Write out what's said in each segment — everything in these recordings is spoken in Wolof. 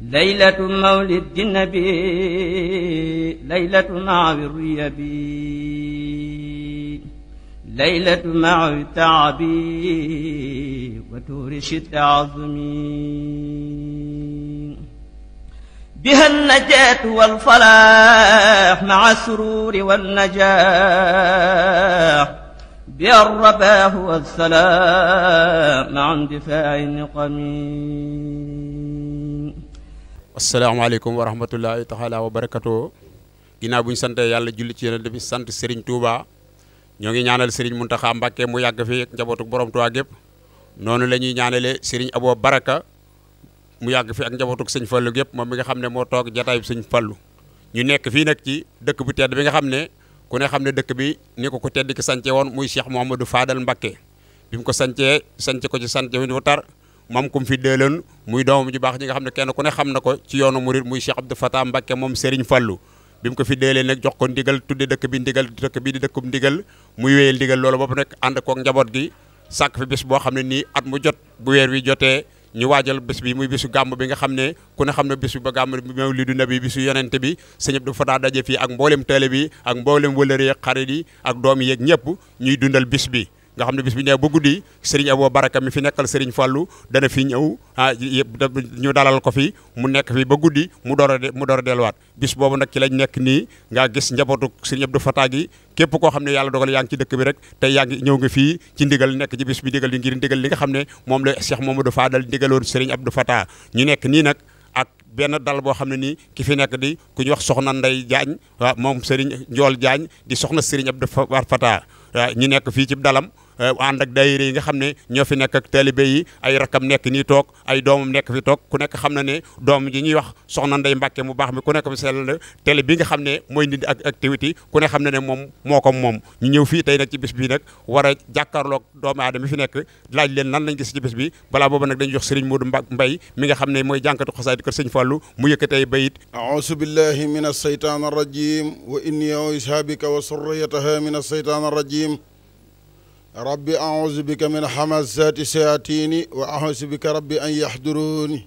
laylatu mawlid nabi laylatu maawi riyabi laylatu maawi taabi wa tuuri shitta azmi biha najaatu wal falaax maa suruuri wal najaax biha rabaaxu wa salaam maa indifaa'i niqami asalaamaaleykum wa rahmatullahi taala wa barakatoo ginnaaw bu ñu sante yàlla julli ci yonent bi sant Serigne Touba ñoo ngi ñaanal Serigne Mountakha Mbacké mu yàgg fi ak njabootu borom Touba gépp noonu la ñuy ñaanalee Serigne Abo Baraka mu yàgg fi ak njabootu sëñ Fallou gépp moom mi nga xam ne moo toog jataay bi sëñ ñu nekk fii nag ci dëkk bu tedd bi nga xam ne ku ne xam ne dëkk bi ni ko ko tedd ki sance woon muy Cheikh Mouhamadou Fadal Mbacké mu ko sancee sance ko ci sance wu ñu moom ku fi déeloon muy doomam ju baax ji nga xam ne kenn ku ne xam na ko ci yoonu murit muy Cheikh Abdou Fatah Mbacké moom Serigne Fallou bi ko fi déelee nag jox ko ndigal tudde dëkk bi ndigal dëkk bi di dëkkub ndigal muy wéyal ndigal loolu bopp nag ànd kook njaboot gi sàkk boo xam ne nii at mu jot bu weer wi jotee ñu waajal bés bi muy bisu gàmm bi nga xam ne ku ne xam ne bisu ba gàmm bi mew li du nabi bisu yonent bi sëñ Abdou Fatah daje fii ak mboolem teele bi ak mboolem wëlëre xarit yi ak doom yeeg ñëpp ñuy dundal bis bi nga xam ne bis bi ñëwee ba guddi Serigne Abo Baraka mi fi nekkal Serigne Fallou dana fi ñëw ah ñu dalal ko fi mu nekk fi ba guddi mu door a mu door delluwaat bis boobu nag ci lañ nekk nii nga gis njabootu Serigne Abdou Fatah gi képp koo xam ne yàlla dogal yaa ngi ci dëkk bi rek tey yaa ngi fii ci ndigal nekk ci bis bi ndigal li ngir ndigal li nga xam ne moom la Cheikh Mamadou Fadal ndigaloon Serigne Abdou Fatah ñu nekk nii nag ak benn dal boo xam ne nii ki fi nekk di ku ñu wax soxna Ndey Jaañ waaw moom Serigne Njool Jaañ di soxna Serigne Abdou Fatah waaw ñu nekk fii ci dalam Eh, ànd ak daayira yi nga xam ne ñoo fi nekk ak taalibe yi ay rakam nekk nii toog ay doomam nekk fi toog ku nekk xam na ne doom ji ñuy wax soxna Ndey Mbàkke mu baax mi ku nekk fi sell na télé bi nga xam ne mooy nit ak activité ku ne xam ne ne moom moo ko moom ñu ñëw fii tey nag ci bis bi nag war a jàkkaarloog doomu aadama fi nekk laaj leen nan lañ gis ci bis bi balaa booba nag dañu jox Serigne Modou Mbaye mi nga xam ne mooy jànkatu xasaayid kër Sëñ Fallou mu yëkkatee bayit aousu billahi min alsheytan arrajim wa inni ushabika wa surriyataha min alsheytan arrajim rabbi auzu bika min hamazati sayatini wa auzu bika rabbi an yahduruni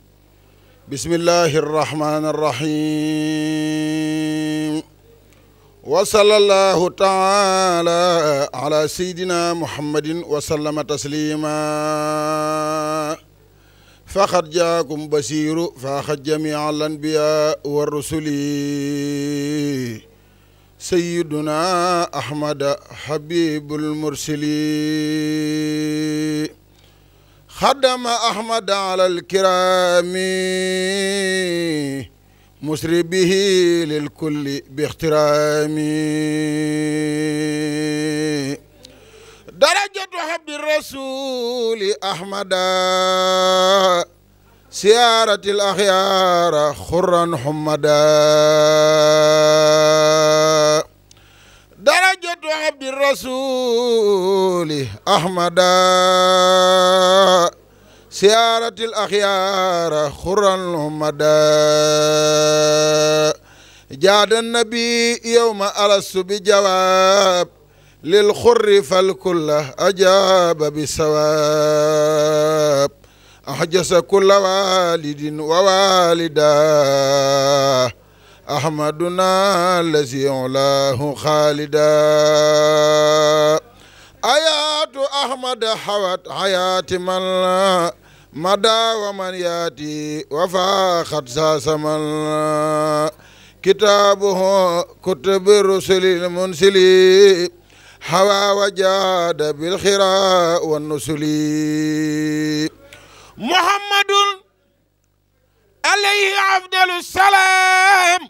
bismillahi arrahmani arrahim wa sallallahu taala ala sayidina muhammadin wa sallama taslima faqad jaakum basiru faaxat jamia al anbiya wa rusuli sayyiduna ahmada habibul mursali xadama ahmada alal kirami musribihi lil kulli bi ixtiraami darajatu habbi rasuli ahmada سيارة الأخيار خرا حمدا درجة عبد الرسول أحمدا سيارة الأخيار خرا حمدا جاد النبي يوم ألست بجواب للخر فالكل أجاب بسواب أحجس كل والد ووالدا أحمدنا الذي علاه خالدا آيات أحمد حوت حياتي من مدى ومن ياتي وفاخت ساسما كتابه كتب الرسل المنسلي حوى وجاد بالخراء والنسلي محمد عليه أفضل السلام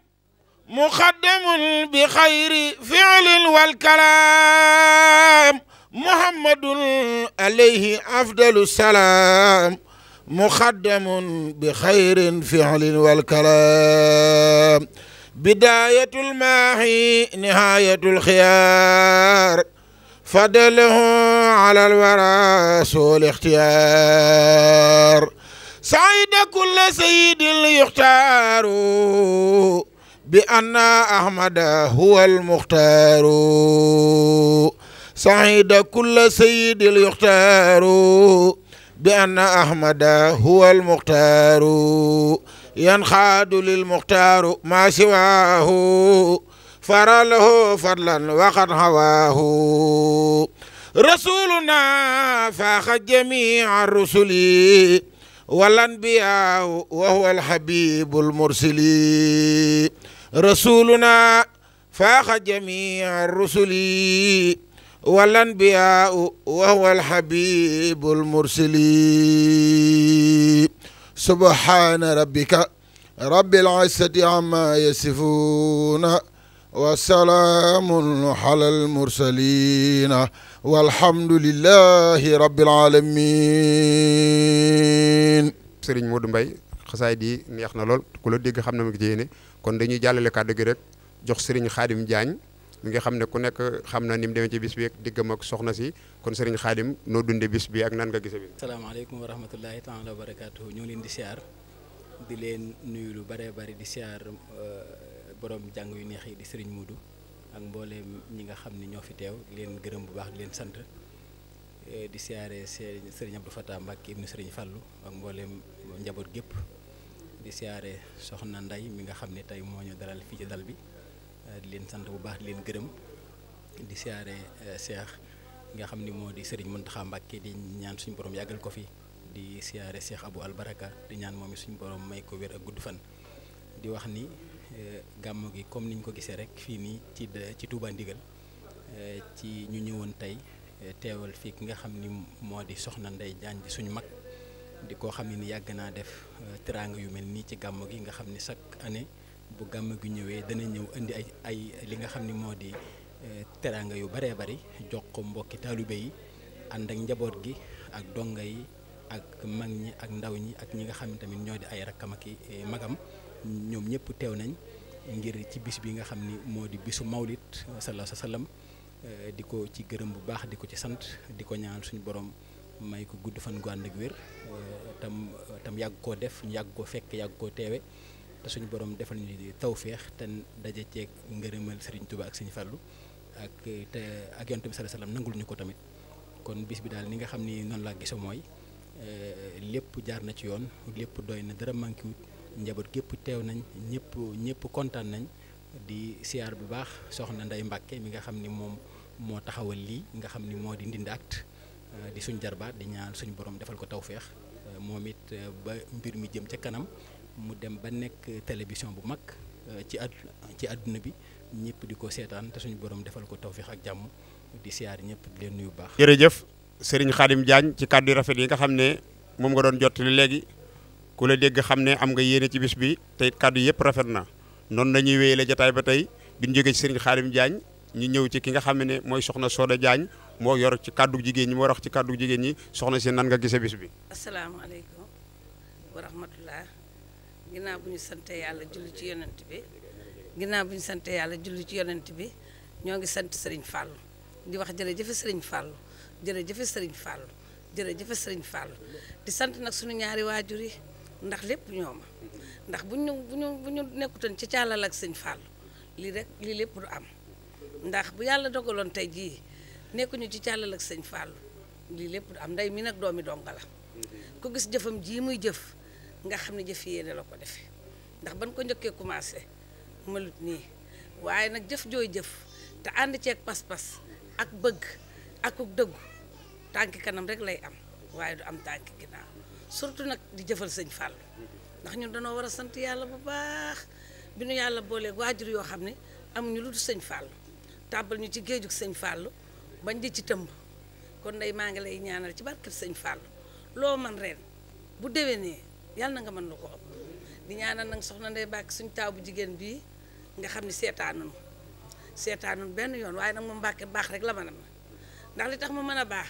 مقدم بخير فعل والكلام محمد عليه أفضل السلام مقدم بخير فعل والكلام بداية الماحي نهاية الخيار فدله على الورى سول اختيار سعيد كل سيد يختار بأن أحمد هو المختار سعيد كل سيد يختار بأن أحمد هو المختار ينخاد للمختار ما سواه fara lahu fadlan waqad hawaahu rasuluna faaxa jamia rusuli wal anbiya wa huwa alhabibul mursili rasuluna faaxa jamia rusuli wal anbiya wa huwa alhabibul mursili subhana rabbika rabbil izzati amma yasifuna وسلام على المرسلين والحمد لله رب العالمين sëriñ Modou Mbaye xasaay di neex na lool ku la dégg xam na ma ko kon dañuy jàllale kàddu gi rek jox sëriñ Xaadim Diagne mu nga xam ne ku nekk xam na ni mu demee ci bis bi ak diggam ak soxna si kon sëriñ Xaadim noo dunde bis bi ak nan nga gise bi salaamaaleykum wa rahmatullahi taala wa barakaatu ñoo leen di siyaar di leen nuyu lu bare bari di siyaar borom jàng yu neex yi di Serigne Modou ak mbooleem ñi nga xam ne ñoo fi teew leen gërëm bu baax di leen sant eh, di siyaare Serigne Abdou Fatah Mbacke ibnu Serigne Fallou ak mbooleem njaboot gépp di siyaare soxna Nday mi nga xam ne tey moo ñu fii ci dal bi eh, di leen sant bu baax leen gërëm di siyaare eh, Cheikh nga xam ni moo di Serigne Mountakha Mbacke ñaan suñu borom yàggal ko fi di siyaare Cheikh Abou Albaraka di ñaan moom i suñu borom may ko wér ak gudd fan di wax ni. Eh, gàmmu gi comme niñ ko gisee rek fii nii ci ci Touba Ndigal eh, ci ñu ñëwoon tey eh, teewal fii ki nga xam ni moo di soxna Ndeye Diagne suñu mag di koo xam ne ni yàgg naa def teraanga yu mel nii ci gàmmu gi nga xam ni chaque année bu gàmmu gi ñëwee dana ñëw indi ay ay li nga xam ni moo di teraanga yu baree bari jox ko mbokki taalibe yi ànd ak njaboot gi ak donga yi ak mag ñi ak ndaw ñi ak ñi nga xam ne tamit ñoo di ay rakkam ak magam ñoom ñëpp teew nañ ngir ci bis bi nga xam ni moo di bisu mawlit sa sa wa sallam eh, di ko ci gërëm bu baax di ko ci sant di ko ñaanal suñu borom may ko gudd fan gu ànd ak wér eh, tam tam yàgg koo def yàgg koo fekk yàgg koo teewe te suñu borom defal ñu tawféex te daje ceeg ngërëmal Serigne Touba tubaak Serigne Fallou ak te ak yonent bi sallallahu alayhi wa sallam nangul ñu ko tamit kon bis bi daal ni nga xam ni noonu laa gisoo mooy eh, lépp jaar na ci yoon lépp doy na dara manqué wut njaboot gépp teew nañ ñëpp ñëpp kontaan nañ di siyaar bu baax soxna nday Mbàkke mi nga xam ni moom moo taxawal lii nga xam ni moo di Ndindy Actu di suñ jarbaat di ñaar suñu borom defal ko tawféex moom it ba mbir mi jëm ca kanam mu dem ba nekk télévision bu mag ci at ci àdduna bi ñëpp di ko seetaan te suñ borom defal ko tawféex ak jàmm di siyaar ñëpp di leen nuyu baax. jërëjëf Serigne Khadim Diagne ci kàddu rafet yi nga xam ne moom nga doon jottali léegi. ku la dégg xam ne am nga yéene ci bis bi te it kàddu yëpp rafet na noonu la ñuy wéyale jotaay ba tey bi ñu jógee ci Serigne Khadim Diagne ñu ñëw ci ki nga xam ne mooy soxna Soda jaañ moo yor ci kàddu jigéen ñi moo wax ci kàddu jigéen ñi soxna si nan nga gisee bis bi. asalaamaaleykum wa rahmatullah ginnaaw bu ñu sante yàlla julli ci yonent bi ginnaaw bu ñu sante yàlla julli ci yonent bi ñoo ngi sant Serigne Fallou di wax jërëjëf Serigne Fallou jërëjëf Serigne Fallou jërëjëf Serigne Fallou di sant nag suñu ñaari waajur ndax lépp ñoo ma ndax bu ñu bu ñu bu ñu nekkutoon ci caalal ak sëñ Fall lii rek lii lépp du am ndax bu yàlla dogaloon tey jii nekkuñu ci caalal ak sëñ Fall lii lépp du am ndey mi nag doomi donga la ku gis jëfam jii muy jëf nga xam ne jëf yéene la ko defee ndax ban ko njëkkee commencé malut nii waaye nag jëf jooy jëf te ànd ceeg pas-pas ak bëgg akuk dëggu tànki kanam rek lay am waaye du am tànki ginnaaw surtout nag di jëfal sëñ Fall ndax ñun danoo war a sant yàlla bu baax bi nu yàlla booleeg waajur yoo xam ne amuñu lu dul sëñ Fall tàbbal ñu ci géejug sëñ Fall bañ di ci tëmb kon ndey maa ngi lay ñaanal ci barkeb sëñ Fall loo man ren bu déwénee yàlla na nga mën lu ko di ñaanal nag soxna ndey bàkk suñ taaw bu jigéen bii nga xam ne seetaanunu seetaanunu benn yoon waaye nag mu mbàkke baax rek la mën ma ndax li tax mu mën a baax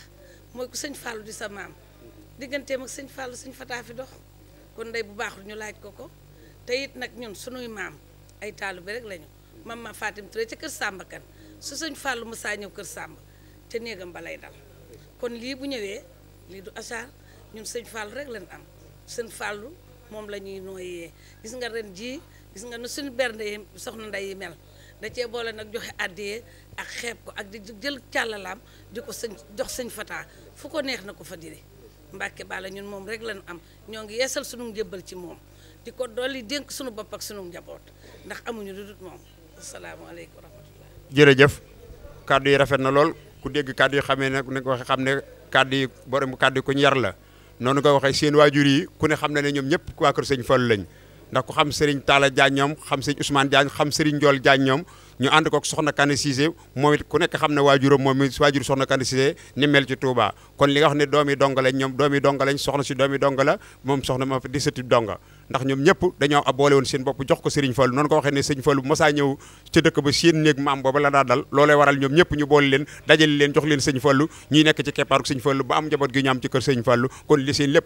mooy ku sëñ Fall di sa maam digganteem ak sëñ fàll sëñ fata fi dox kon ndey bu baaxul ñu laaj ko ko te it nag ñun sunuy maam ay taalu bi rek lañu mam ma Fatim Touré ci kër Samba kan su sëñ Fallou Moussa ñëw kër Samba te néegam balay dal kon lii bu ñëwee lii du asaar ñun sëñ fàll rek lañ am sëñ Fallou moom la ñuy nooyee gis nga ren jii gis nga nu suñu bernde yi soxna ndey yi mel da cee boole nag joxe àddiyee ak xeeb ko ak di jël càllalaam di ko sëñ jox sëñ Fataa fu ko neex na ko fa dire Mbàkke Balla ñun moom rek lañ am ñoo ngi yeesal sunu njëbbal ci moom di ko dolli dénk sunu bopp ak sunu njaboot ndax amuñu lu dul moom asalaamaaleykum wa rahmatullah. jërëjëf kàddu yi rafet na lool ku dégg kàddu yi xamee nag na ko waxee xam ne kàddu yi borom kàddu yi ku yar la noonu nga waxee seen waajur yi ku ne xam na ne ñoom ñëpp waa kër sëñ Fallu lañ ndax ku xam Serigne Talla Diagne ñoom xam sëñ Ousmane Diagne xam Serigne Ndiol Diagne ñoom. ñu ànd kook soxna Kane Cissé moom it ku nekk xam ne waajuram moom it waajur soxna Kane Cissé ni mel ci Touba kon li nga wax ne doomi donga lañ ñoom doomi donga lañ soxna si doomi donga la moom soxna ma di sëti donga ndax ñoom ñëpp dañoo aboole seen bopp jox ko Serigne Fallou noonu ko waxee ne Serigne Fallou mosaa ñëw ca dëkk ba seen néeg maam booba ñoom ñëpp ñu boole leen dajale leen jox leen Serigne Fallou ñuy nekk ci keppaaru Serigne Fallou ba am njaboot am ci kër Serigne Fallou kon li seen lépp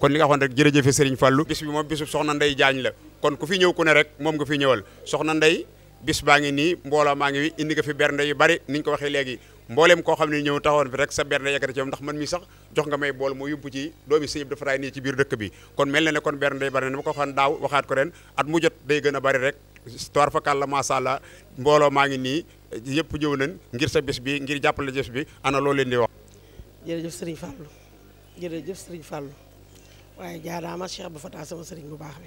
kon li nga waxoon rek jërëjëfe Serigne Fallou bis bi moom bisu Jaañ la kon ku fi ñëw ku rek moom nga fi ñëwal soxna Ndey bis baa ngi nii mbooloo maa ngi indi nga fi bernde yu bari ni ko waxee léegi mbooleem koo xam ne ñëw taxawoon fi rek sa bernde yekkati ci moom ndax man mi sax jox nga may bool moo yóbbu ci doomi sëñ Abdou Faty nii ci biir dëkk bi kon mel na ne kon bernde yu bari na ma ko waxoon daaw waxaat ko ren at mu jot day gën a bari rek histoire fakal la macha allah mbooloo maa ngi nii yëpp ñëw nañ ngir sa bis bi ngir jàppale bis bi ana loo leen di wax jërëjëf sëriñ Fallou jërëjëf sëriñ Fallou waaye jaaraama Cheikh Abdou Faty sama sëriñ bu baax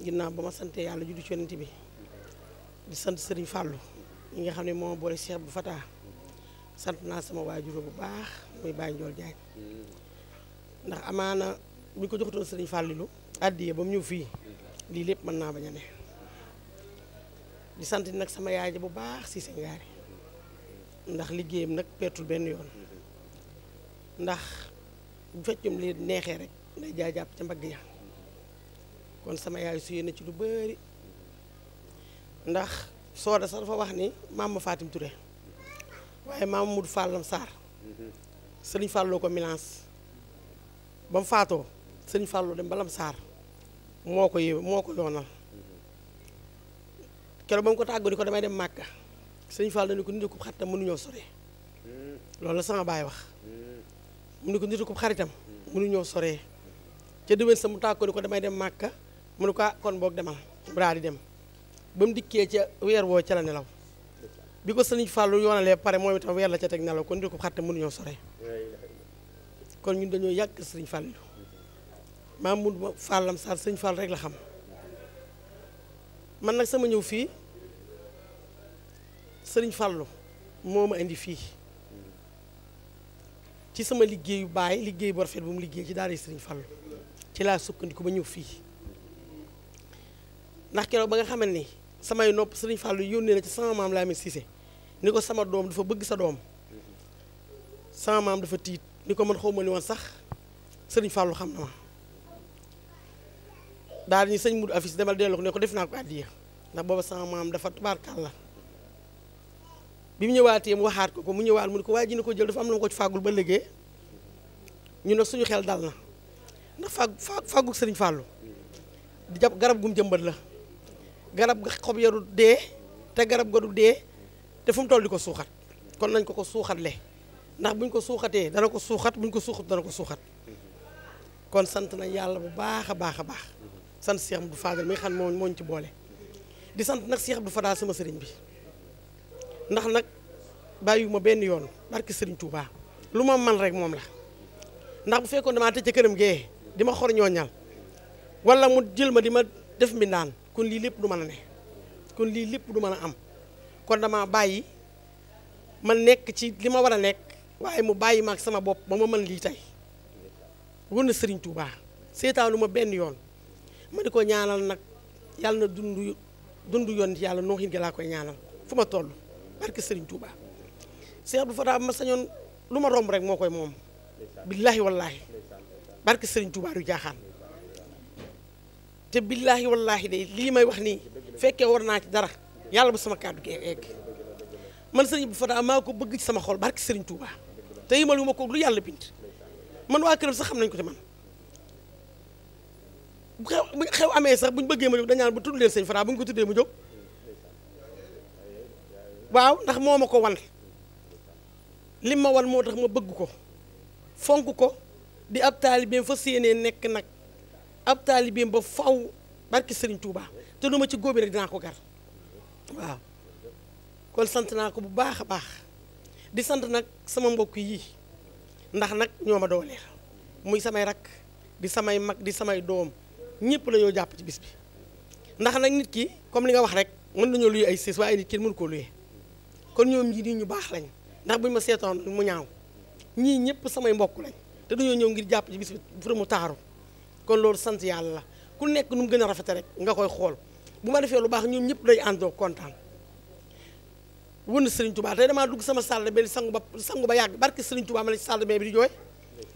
ginnaaw ba ma sante yàlla juddu ci yonent bi di sant sëriñ Fallou ñi nga xam ne moo boole Cheikh bu Fataa sant naa sama waajur bu baax muy Baye Ndiol Diagne ndax amaana bu ñu ko joxutoon Serigne Fallou addiye ba mu ñëw fii lii lépp mën naa ba a ne di sant nag sama yaay bu baax si sa ngaari ndax liggéeyam nag peetul benn yoon ndax bu feccum li neexee rek day jaay ca mbagg ya kon sama yaay suyee na ci lu bëri ndax sooda sax dafa wax ni maam ma Fatim Touré waaye maam Moudou Fallam Sarr Falloo ko Milance ba mu faatoo sëriñ Falloo dem balam Sarr moo ko yë moo ko ba mu ko tàggoo ni ko damay dem Màkka sëriñ Falloo ni ko nit ku xaritam mënuñoo sore loolu la sama baay wax mu ni ko nit ku xaritam mënuñoo sore ca déwén sa mu tàggoo ni ko damay dem Màkka mu ne ah kon boog demal daal di dem ba mu dikkee ca weer woo ca la nelaw bi ko sëñ Fallou yoonalee pare moom itam weer la ca teg nelaw kon di ko xatte mun sore kon ñun dañoo yàgg sëñ Fallou maam mu sëñ Fall rek la xam man nag sama ñëw fii sëriñ Fallou moo ma indi fii ci sama liggéey yu baay liggéey bu rafet mu liggéey ci daara sëriñ Fallou ci laa sukkandiku ba ñëw fii ndax keroog ba nga xam ni samay nopp Serigne Fallou yónnee na ci sama maam Lamine Cissé ni ko sama doom dafa bëgg sa doom sama maam dafa tiit ni ko man xaw ma ni woon sax Serigne Fallou xam na sëñ Moudou Afis demal delloo ko ko def naa ko àddiya ndax booba sama maam dafa tubaarkàlla bi mu ñëwaatee mu waxaat ko ko mu ñëwaat mun ko waa ji ne ko jël dafa am na ma ko fàggul ba léegi ñu ne suñu xel dal na ndax fàgg fàggu sëriñ Fallou di garab gum jëmbat la. garab ga xob ya du dee te garab ga du dee te fu mu toll di ko suuxat kon nañ ko ko suuxatle ndax buñ ko suuxatee dana ko suuxat buñ ko suuxat dana ko suuxat kon sant nañ yàlla bu baax a baax a baax sant Cheikh Abdou Fadal mi nga xam moo mooñ ci boole di sant nag Cheikh Abdou Fadal sama sëriñ bi ndax nag bàyyi ma benn yoon barki sëriñ Touba lu ma man rek moom la ndax bu fekkoon damaa tëj ca këram gee di ma xor ñooñal wala mu jël ma di ma def naan kon lii lépp du mën a ne kon lii lépp du mën a am kon damaa bàyyi ma nekk ci li ma war a nekk waaye mu bàyyi ma ak sama bopp ba ma mën lii tey wun na Serigne Touba seetaanu ma benn yoon ma di ko ñaanal nag yàlla na dund dund yoon yàlla noo xin gi laa koy ñaanal fu ma toll barke Serigne Touba Cheikh Abdou Fatah ma sañoon lu ma romb rek moo koy moom billaahi wallaahi barke Serigne Touba du jaaxaan te billaahi wallaahi de lii may wax nii fekkee war naa ci dara yàlla bu sama kàddu gee egg man sëriñ bu Fata maa ko bëgg ci sama xol barki sëriñ Touba te yimal yu ma ko lu yàlla bind man waa këram sax xam nañ ko ci man bu xew amee sax buñ bëggee ma jóg dañaan bu tudd leen sëñ Fata bu ñu ko tuddee ma jóg waaw ndax mooma ko wan lim ma wan moo tax ma bëgg ko fonk ko di ab taalibeem fa séenee nekk nag ab taalibeem ba faw barki sëriñ Touba te lu ma ci góobi rek dinaa ko gar waaw kon sant naa ko bu baax a baax di sant nag sama mbokk yi ndax nag ñoo ma dooleel muy samay rakk di samay mag di samay doom ñëpp lañoo jàpp ci bis bi ndax nag nit ki comme li nga wax rek mën nañoo luy ay siis waaye nit ki mënu koo luyee kon ñoom ñii nii ñu baax lañ ndax buñ ma seetoon mu ñaaw ñii ñëpp samay mbokk lañ te dañoo ñëw ngir jàpp ci bis bi pour mu taaru kon loolu sant yàlla la ku nekk nu mu gën a rafete rek nga koy xool bu ma defee lu baax ñun ñëpp day àndoo kontaan wën Serigne Touba te damaa dugg sama salle benn sangu ba sangu ba yàgg barki Serigne Touba ma la ci salle bi di jooy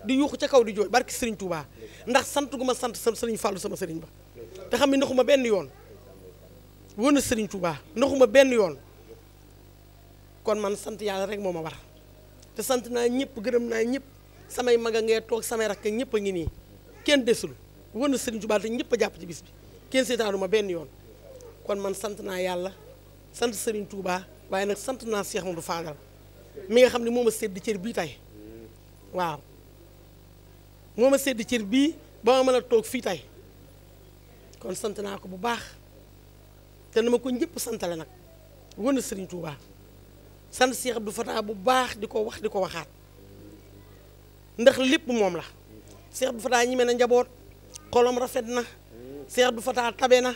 di ca kaw di jooy barki Serigne Touba ndax sant gu ma sant sama Serigne Fallou sama Serigne ba te xam ne ndaxuma benn yoon wën Serigne Touba ndaxuma benn yoon kon man sant yàlla rek moom a war te sant naa ñëpp gërëm naa ñëpp samay mag a ngee toog samay rakk ñëpp a ngi nii. kenn desul wër na Serigne Touba te ñëpp a jàpp ci bis bi kenn seetaanu ma benn yoon kon man sant naa yàlla sant sëriñ tuubaa waaye nag sant naa Cheikh du Fadal mi nga xam ne moo ma sédd cër bii tey waaw moo ma sédd bii ba mën a toog fii tey kon sant naa ko bu baax te ma ko ñëpp santale nag wër na Serigne Touba sant Cheikh Abdou Fatah bu baax di ko wax di ko waxaat ndax lépp moom la. Cheikh bu Fatah ñi mel na njaboot xolom rafet na Cheikh Abdou Fatah tabe na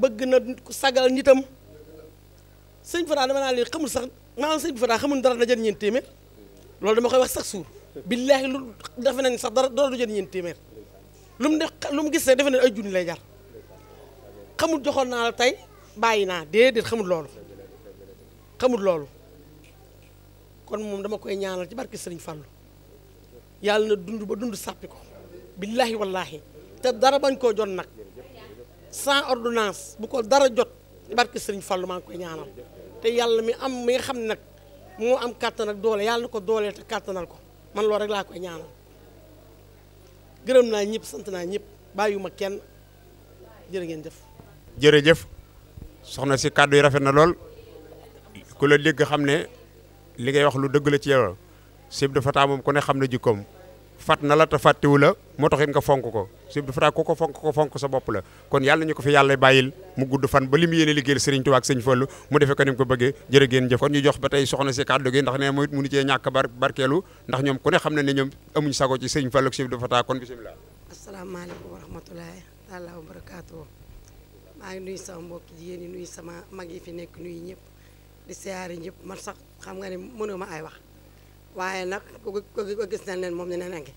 bëgg na sagal nitam sëñ Fatah dama naa leen xamul sax maanaam sëñ Fatah xamul dara da jël ñeent téeméer loolu dama koy wax sax suur billaahi lu defe nañ sax dara dara du jël ñeent téeméer lu mu def lu mu gis rek defe ne ay junni lay jar xamul joxoon naa la tey bàyyi naa déedéet xamul loolu xamul loolu kon moom dama koy ñaanal ci barke Sëriñ Fallou yàlla na dund ba dund sàppi ko billaahi wallaahi te dara bañ koo jot nag san ordonnance bu ko dara jot barke sëriñ Fallou maa koy ñaanal te yàlla mi am mi nga xam nag moo am kàttan ak doole yàlla na ko doole te kàttanal ko man loolu rek laa koy ñaanal gërëm naa ñëpp sant naa ñëpp ma kenn jërë ngeen jëf. jërëjëf soxna si kàddu yi rafet na lool ku la dégg xam ne li ngay wax lu dëgg la ci yow Sib dafa taa moom ku ne xam ne jikkoom. fat na la te fàttewu la moo tax it nga fonk ko Sëñ Abdou Fatah ku ko fonk ko fonk sa bopp la kon yàlla ñu ko fi yàlla bàyyil mu gudd fan ba li mu yéene liggéeyal Sëriñ Tuubaa ak Sëñ Fallu mu defe ko ni mu ko bëggee jërë ngeen jëf kon ñu jox ba tey soxna si kàddu gi ndax ne mooy mënu cee ñàkk bar barkeelu ku ne xam na ne ñoom amuñ sago ci Sëriñ Fallu ak Sëñ Abdou Fatah kon bisimilah asalaamaaleykum wa rahmatulahi taala wa barakaatu maa ngi nuyu sama mbokki jigéen sama mag yi fi nekk nuyu ñëpp di siyaare sax xam nga ne mënuma ay wax waaye nag ko gis nañ leen moom ne na ngi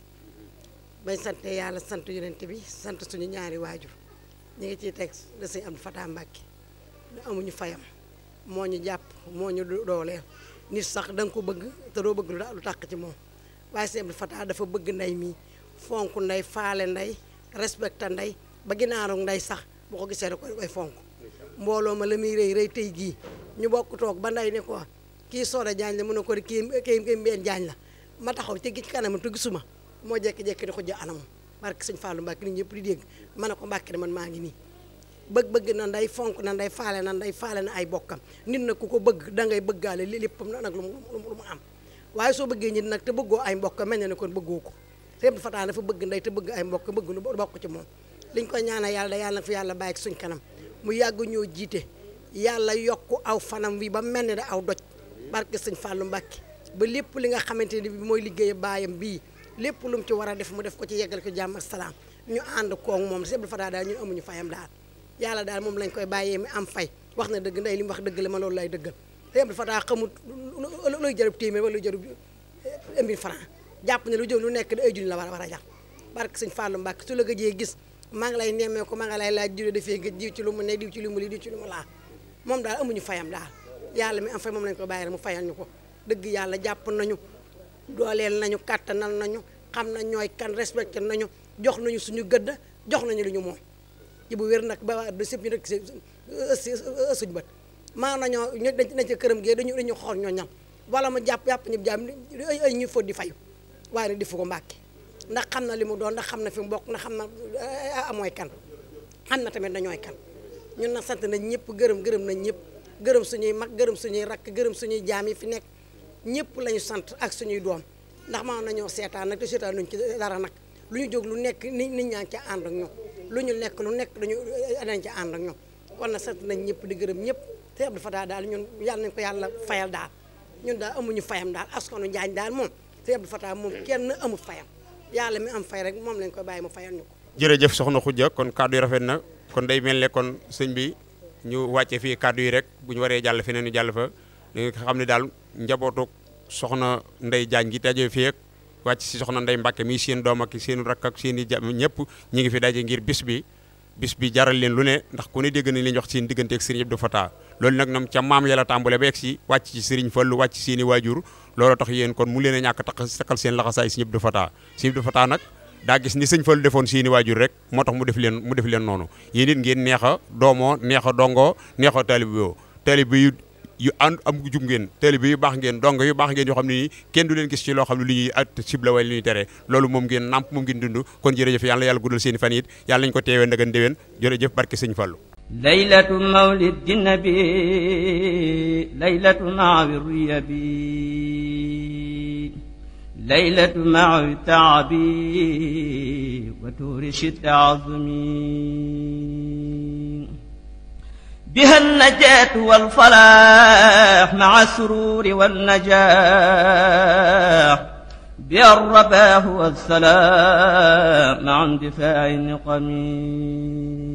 bañ sant yàlla sant yonent bi sant suñu ñaari waajur ñu ngi ci teg da sëñ Abdou Fatah amuñu fayam moo ñu jàpp moo ñu dooleel sax da ko bëgg te doo bëgg lu tàq ci moom waaye sëñ Abdou Fatah dafa bëgg ndey mi fonk ndey faale ndey respecté ndey ba ginaaru ndey sax boo ko gisee da koy fonk mbooloo ma la muy rëy rëy tey gii ñu bokk toog ba ndey ne ko kii Soda Diagne la mu ne ko di kii kii kii Mbène Diagne la ma taxaw ci ci kanam moo jékki ko jox anam barke sëñ Fallou Mbacke nit ñëpp di dégg ma ne ko Mbacke man maa ngi nii bëgg bëgg na nday fonk na nday faale na nday faale na ay bokkam nit na ku ko bëgg da ngay bëggaale li lépp nag lu mu lu am waaye soo bëggee nit nag te bëggoo ay mbokk mel na ne kon bëggoo ko Sëñ bëgg nday te bëgg ay mbokk bëgg lu bokk ci moom liñ koy ñaanal yàlla da yàlla na fi yàlla bàyyi suñ kanam mu yàgg ñoo jiite yàlla yokk aw fanam wi ba mel ne da aw doj barke sëñ Fallou Mbacké ba lépp li nga xamante ni bi mooy liggéeya baayam bii lépp lu mu ci war a def mu def ko ci yeggale ko jàmm ak salaam ñu ànd koog moom Sëñ Abdou Fatah daal ñun amuñu fayam daal yàlla daal moom lañ koy bàyyee mi am fay wax na dëgg ndey li mu dëgg la ma loolu lay dëggal Sëñ Abdou Fatah xamut luy jarub téeméer wala luy jarub mille francs jàpp ne lu jëm lu nekk da ay junni la war a war a jàpp barke sëñ Fallou Mbacké su la gëjee gis maa lay nemmee ko maa ngi lay laaj jiw dafee gëj diw ci lu mu ne diw ci lu mu ci lu mu laa moom daal amuñu fayam daal yàlla mi am fay moom lañ ko bàyyi rek mu fayal ñu ko dëgg yàlla jàpp nañu dooleel nañu kàttanal nañu xam na ñooy kan respecté nañu jox nañu suñu gëdd jox nañu lu ñu moom ci bu wér nag ba waa de sëpp ñu rek suñu bët maa nañoo ñu dañ ci këram gee dañu dañu xool ñoo ñam wala mu jàpp jàpp ñu jaam ay ñuy di fayu waaye nag di fu ko mbàkke ndax xam na li mu doon ndax xam na fi mu bokk ndax xam na amooy kan xam na tamit dañooy kan ñun nag sant nañ ñëpp gërëm gërëm nañ ñëpp gërëm suñuy mag gërëm suñuy rakk gërëm suñuy jaam yi fi nekk ñëpp lañu sant ak suñuy doom ndax maa nañoo seetaan nag te seetaan luñ ci dara nag lu ñu jóg lu nekk nit nit ñaa ca ànd ak ñoom lu ñu nekk lu nekk dañu eh, dañ ca ànd ak ñoom kon na sant nañ ñëpp di gërëm ñëpp te Abdou Fatah daal ñun yàlla nañ ko yàlla fayal daal ñun daal amuñu fayam daal askanu Njaañ daal moom te Abdou Fatah moom kenn amul fayam yàlla mi am fay rek moom lañ koy bàyyi mu fayal ñu ko jërëjëf soxna Khoudia kon kàddu yi rafet na kon day mel ne kon sëñ bi ñu wàcce fii kàddu yi rek bu ñu waree jàll feneen ñu jàll fa nga xam ne daal njabootu soxna Ndey Jaañ gi daje fii ak wàcc si soxna Ndey Mbàkke mi seen doom ak seen rakk seeni seen i ja ñëpp ñu ngi fi daje ngir bis bi bis bi jaral leen lu ne ndax ku ne dégg nañ li ñu wax seen diggante ak Serigne Abdou Fatah loolu nag ñoom ca maam yàlla tàmbale ba egsi wàcc ci Serigne Fallu wàcc seen waajur looloo tax yéen kon mu leen a ñàkk a tax takkal seen laxasaay Serigne Abdou Fatah Serigne Abdou fata nag daa gis ni sëñ Fallu defoon seeni waajur rek moo tax mu def leen noonu yéen ngeen neex a doomoo neex a dongoo neex yu am jub ngeen taalibe yu baax ngeen dong yu baax ngeen yoo xam ne nii kenn du leen gis ci loo xam ne li ñuy at cible way tere loolu moom ngeen nàmp moom ngeen dund kon jërëjëf yàlla yàlla guddal seeni fan it yàlla nañu ko teewee ndagan déwén jërëjëf barke sëñ Fallu laylatu mawlid jinnabi laylatu naawir yabi ليلة مع تعبي وتورش تعظمي بها النجاة والفلاح مع السرور والنجاح بها الرباه والسلام مع اندفاع النقمين